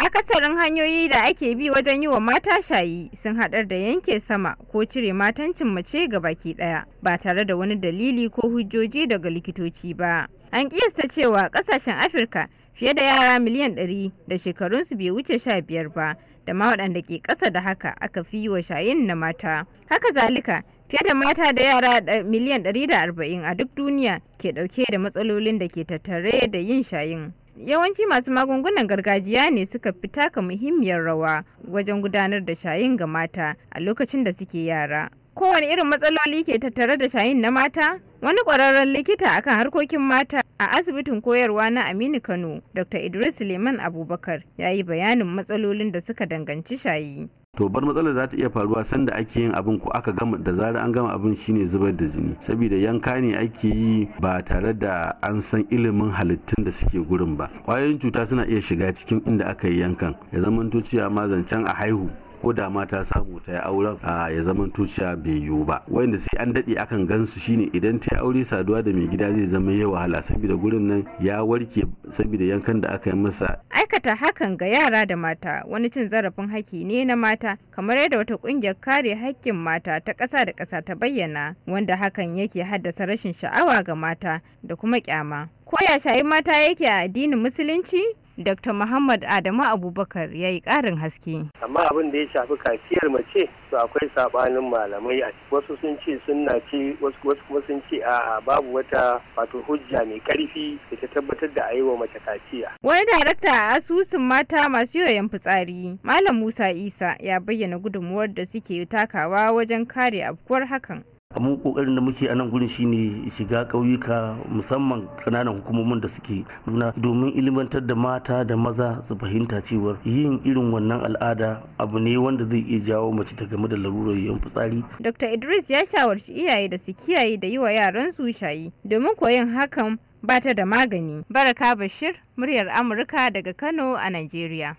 Akasarin hanyoyi da ake bi wajen yi wa mata shayi sun haɗar da yanke sama ko cire matancin mace ga baki ɗaya ba tare da wani dalili ko hujjoji daga likitoci ba. An ƙiyasta cewa ƙasashen Afirka fiye da yara miliyan ɗari da shekarunsu bai wuce sha biyar ba da ma waɗanda ke ƙasa da haka aka fi yi wa shayin na mata. Haka zalika fiye da mata da yara miliyan ɗari da arba'in a duk duniya ke ɗauke da matsalolin da ke tattare da yin shayin. yawanci masu magungunan gargajiya ne suka fi taka muhimmiyar rawa wajen gudanar da shayin ga mata a lokacin da suke yara kowane irin matsaloli ke tattare da shayin na mata wani kwararren likita akan harkokin mata a asibitin koyarwa na aminu kano dr idris suleiman abubakar ya yi bayanin matsalolin da suka danganci shayi to bar matsalar za ta iya faruwa sanda ake yin abin ko aka gama da zarar an gama abin shine zubar da jini saboda yanka ne ake yi ba tare da an san ilimin halittun da suke gurin ba kwayoyin cuta suna iya shiga cikin inda aka yi yankan ya zama cewa ma zancen a haihu ko da ma ta samu ta yi auren ya zama tuciya bai yiwu ba wanda sai an daɗe akan gansu shine idan ta yi aure saduwa da mai gida zai zama ya wahala saboda gurin nan ya warke saboda yankan da aka yi masa aikata hakan ga yara da mata wani cin zarafin haki ne na mata kamar yadda wata ƙungiyar kare haƙƙin mata ta ƙasa da ƙasa ta bayyana wanda hakan yake haddasa rashin sha'awa ga mata da kuma kyama ko ya shayi mata yake a addinin musulunci Dr. Muhammad Adamu Abubakar ya yi ƙarin haske. Amma abin da ya shafi kaciyar mace to akwai saɓanin malamai a wasu sun ce na ce wasu sun ce a babu wata wato hujja mai karfi da ta tabbatar da a yi wa mace kaciya. Wani darakta a asusun mata masu yoyon fitsari Malam Musa Isa ya bayyana gudunmuwar da suke takawa wajen kare afkuwar hakan. mun kokarin da muke a nan gurin shine shiga ƙauyuka musamman ƙananan hukumomin da suke nuna domin ilimantar da mata da maza su fahimta cewa yin irin wannan al'ada abu ne wanda zai iya jawo mace ta game da larurar yan fitsari. Dr. Idris ya shawarci iyaye da su kiyaye da yi wa yaran su shayi domin koyon hakan ba ta da magani. Baraka Bashir, muryar Amurka daga Kano a Najeriya.